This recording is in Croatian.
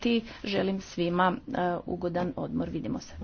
ti želim svima e, ugodan odmor. Vidimo se.